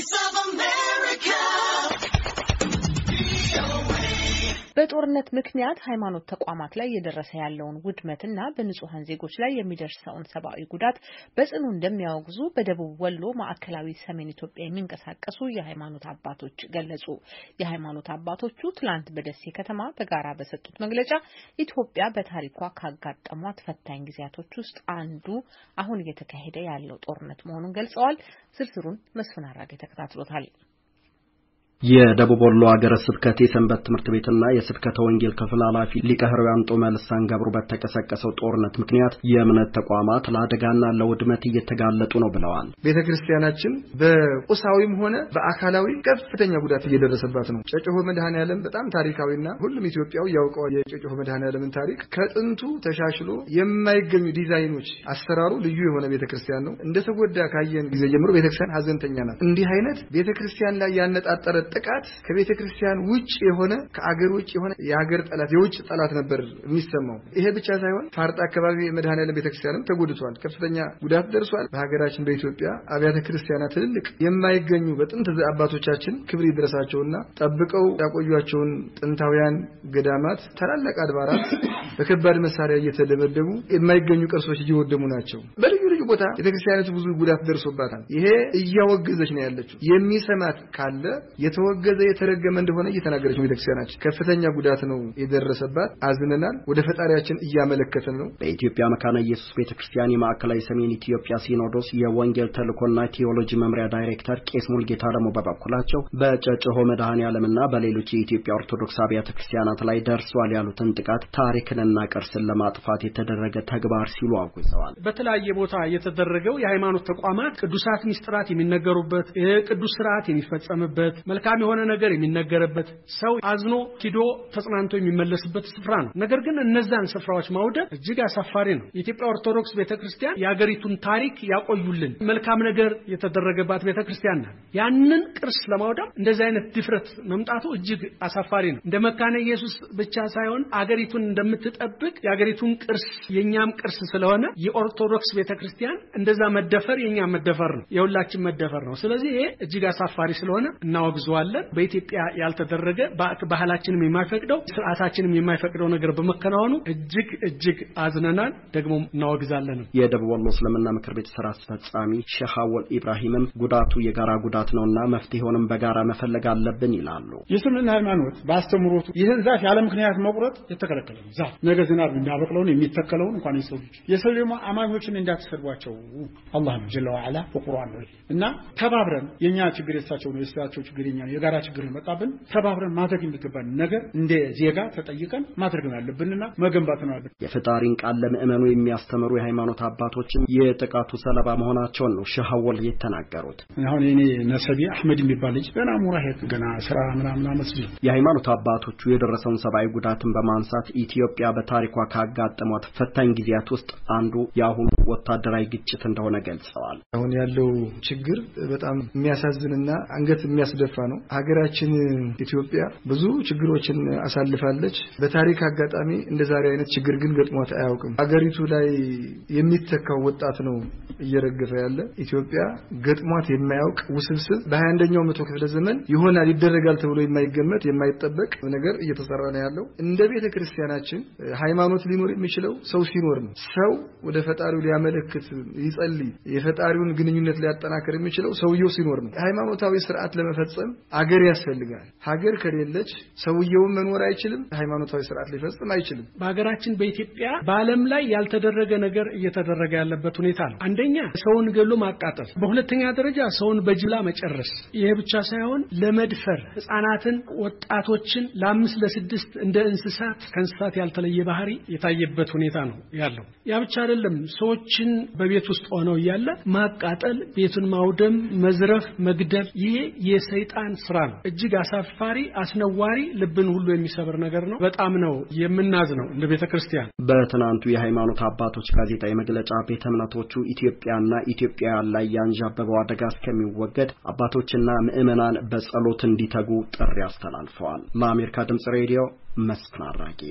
voice of በጦርነት ምክንያት ሃይማኖት ተቋማት ላይ እየደረሰ ያለውን ውድመትና በንጹሐን ዜጎች ላይ የሚደርሰውን ሰብአዊ ጉዳት በጽኑ እንደሚያወግዙ በደቡብ ወሎ ማዕከላዊ ሰሜን ኢትዮጵያ የሚንቀሳቀሱ የሃይማኖት አባቶች ገለጹ። የሃይማኖት አባቶቹ ትላንት በደሴ ከተማ በጋራ በሰጡት መግለጫ ኢትዮጵያ በታሪኳ ካጋጠሟት ፈታኝ ጊዜያቶች ውስጥ አንዱ አሁን እየተካሄደ ያለው ጦርነት መሆኑን ገልጸዋል። ዝርዝሩን መስፍን አራጌ ተከታትሎታል። የደቡብ ወሎ ሀገረ ስብከት የሰንበት ትምህርት ቤትና የስብከተ ወንጌል ክፍል ኃላፊ ሊቀ ሕርያን ጦመ ልሳን ገብሩ በተቀሰቀሰው ጦርነት ምክንያት የእምነት ተቋማት ለአደጋና ለውድመት እየተጋለጡ ነው ብለዋል። ቤተ ክርስቲያናችን በቁሳዊም ሆነ በአካላዊ ከፍተኛ ጉዳት እየደረሰባት ነው። ጨጨሆ መድኃኔ ዓለም በጣም ታሪካዊና ሁሉም ኢትዮጵያዊ ያውቀዋል። የጨጨሆ መድኃኔ ዓለምን ታሪክ ከጥንቱ ተሻሽሎ የማይገኙ ዲዛይኖች፣ አሰራሩ ልዩ የሆነ ቤተ ክርስቲያን ነው። እንደተጎዳ ካየን ጊዜ ጀምሮ ቤተክርስቲያን ሀዘንተኛ ናት። እንዲህ አይነት ቤተ ክርስቲያን ላይ ያነጣጠረ ጥቃት ከቤተ ክርስቲያን ውጭ የሆነ ከአገር ውጭ የሆነ የሀገር ጠላት የውጭ ጠላት ነበር የሚሰማው። ይሄ ብቻ ሳይሆን ፋርጣ አካባቢ የመድኃኔዓለም ቤተ ክርስቲያንም ተጎድቷል፣ ከፍተኛ ጉዳት ደርሷል። በሀገራችን በኢትዮጵያ አብያተ ክርስቲያናት ትልልቅ የማይገኙ በጥንት አባቶቻችን ክብር ይድረሳቸውና ጠብቀው ያቆዩቸውን ጥንታውያን ገዳማት፣ ታላላቅ አድባራት በከባድ መሳሪያ እየተደበደቡ የማይገኙ ቅርሶች እየወደሙ ናቸው። ቦታ ቤተክርስቲያኒቱ ብዙ ጉዳት ደርሶባታል። ይሄ እያወገዘች ነው ያለችው። የሚሰማት ካለ የተወገዘ የተረገመ እንደሆነ እየተናገረች ነው። ቤተክርስቲያናችን ከፍተኛ ጉዳት ነው የደረሰባት። አዝነናል። ወደ ፈጣሪያችን እያመለከትን ነው። በኢትዮጵያ መካነ ኢየሱስ ቤተክርስቲያን የማዕከላዊ ሰሜን ኢትዮጵያ ሲኖዶስ የወንጌል ተልእኮና ቴዎሎጂ መምሪያ ዳይሬክተር ቄስ ሙልጌታ ደግሞ በበኩላቸው በጨጨሆ መድኃኔ ዓለምና በሌሎች የኢትዮጵያ ኦርቶዶክስ አብያተ ክርስቲያናት ላይ ደርሷል ያሉትን ጥቃት ታሪክንና ቅርስን ለማጥፋት የተደረገ ተግባር ሲሉ አጉዘዋል። በተለያየ ቦታ የተደረገው የሃይማኖት ተቋማት ቅዱሳት ሚስጥራት የሚነገሩበት ቅዱስ ስርዓት የሚፈጸምበት መልካም የሆነ ነገር የሚነገርበት ሰው አዝኖ ሂዶ ተጽናንቶ የሚመለስበት ስፍራ ነው። ነገር ግን እነዛን ስፍራዎች ማውደም እጅግ አሳፋሪ ነው። የኢትዮጵያ ኦርቶዶክስ ቤተክርስቲያን የአገሪቱን ታሪክ ያቆዩልን መልካም ነገር የተደረገባት ቤተክርስቲያን ናት። ያንን ቅርስ ለማውደም እንደዚህ አይነት ድፍረት መምጣቱ እጅግ አሳፋሪ ነው። እንደ መካነ ኢየሱስ ብቻ ሳይሆን አገሪቱን እንደምትጠብቅ የአገሪቱን ቅርስ የእኛም ቅርስ ስለሆነ የኦርቶዶክስ ቤተክርስቲያን ክርስቲያን እንደዛ መደፈር የኛ መደፈር ነው፣ የሁላችን መደፈር ነው። ስለዚህ ይሄ እጅግ አሳፋሪ ስለሆነ እናወግዘዋለን። በኢትዮጵያ ያልተደረገ ባህላችንም የማይፈቅደው ስርዓታችንም የማይፈቅደው ነገር በመከናወኑ እጅግ እጅግ አዝነናል፣ ደግሞ እናወግዛለን። የደቡብ ወሎ እስልምና ምክር ቤት ስራ አስፈጻሚ ሼህ አወል ኢብራሂምም ጉዳቱ የጋራ ጉዳት ነውና መፍትሄውንም በጋራ መፈለግ አለብን ይላሉ። የእስልምና ሃይማኖት በአስተምሮቱ ይህን ዛፍ ያለ ምክንያት መቁረጥ የተከለከለ ዛፍ ነገ ዝናብ እንዳበቅለውን የሚተከለውን እንኳን የሰው ልጅ የሰው ደግሞ አማኞችን እንዳትሰድቡ ያደረጓቸው አላህ ጀለ ዋዓላ በቁርአን ነው። እና ተባብረን የኛ ችግር የሳቸው ነው የሳቸው ችግር የኛ ነው የጋራ ችግር የመጣብን ተባብረን ማድረግ የሚገባን ነገር እንደ ዜጋ ተጠይቀን ማድረግ ነው ያለብንና መገንባት ነው ያለብን። የፈጣሪን ቃል ለምእመኑ የሚያስተምሩ የሃይማኖት አባቶችም የጥቃቱ ሰለባ መሆናቸውን ነው ሼህ የተናገሩት። አሁን እኔ ነሰቢ አህመድ የሚባል ልጅ ገና ሙራሄድ ገና ስራ ምናምን አመስል የሃይማኖት አባቶቹ የደረሰውን ሰብአዊ ጉዳትን በማንሳት ኢትዮጵያ በታሪኳ ካጋጠሟት ፈታኝ ጊዜያት ውስጥ አንዱ የአሁኑ ወታደራዊ ግጭት እንደሆነ ገልጸዋል። አሁን ያለው ችግር በጣም የሚያሳዝንና አንገት የሚያስደፋ ነው። ሀገራችን ኢትዮጵያ ብዙ ችግሮችን አሳልፋለች። በታሪክ አጋጣሚ እንደ ዛሬ አይነት ችግር ግን ገጥሟት አያውቅም። ሀገሪቱ ላይ የሚተካው ወጣት ነው እየረገፈ ያለ። ኢትዮጵያ ገጥሟት የማያውቅ ውስብስብ በሀያ አንደኛው መቶ ክፍለ ዘመን ይሆናል ይደረጋል ተብሎ የማይገመት የማይጠበቅ ነገር እየተሰራ ነው ያለው። እንደ ቤተ ክርስቲያናችን ሃይማኖት ሊኖር የሚችለው ሰው ሲኖር ነው። ሰው ወደ ፈጣሪው ሊያመለክት ሊጸልይ የፈጣሪውን ግንኙነት ሊያጠናከር የሚችለው ሰውየው ሲኖር ነው። ሃይማኖታዊ ስርዓት ለመፈጸም አገር ያስፈልጋል። ሀገር ከሌለች ሰውየውን መኖር አይችልም፣ ሃይማኖታዊ ስርዓት ሊፈጽም አይችልም። በሀገራችን በኢትዮጵያ በዓለም ላይ ያልተደረገ ነገር እየተደረገ ያለበት ሁኔታ ነው። አንደኛ ሰውን ገሎ ማቃጠል፣ በሁለተኛ ደረጃ ሰውን በጅምላ መጨረስ። ይሄ ብቻ ሳይሆን ለመድፈር ህጻናትን፣ ወጣቶችን ለአምስት ለስድስት እንደ እንስሳት ከእንስሳት ያልተለየ ባህሪ የታየበት ሁኔታ ነው ያለው። ያ ብቻ አይደለም ሰዎች ሰዎችን በቤት ውስጥ ሆነው እያለ ማቃጠል፣ ቤቱን ማውደም፣ መዝረፍ፣ መግደል ይሄ የሰይጣን ስራ ነው። እጅግ አሳፋሪ፣ አስነዋሪ፣ ልብን ሁሉ የሚሰብር ነገር ነው። በጣም ነው የምናዝ ነው እንደ ቤተ ክርስቲያን። በትናንቱ የሃይማኖት አባቶች ጋዜጣዊ መግለጫ ቤተ እምነቶቹ ኢትዮጵያና ኢትዮጵያውያን ላይ ያንዣበበው አደጋ እስከሚወገድ አባቶችና ምዕመናን በጸሎት እንዲተጉ ጥሪ አስተላልፈዋል። ለአሜሪካ ድምጽ ሬዲዮ መስፍን አራጌ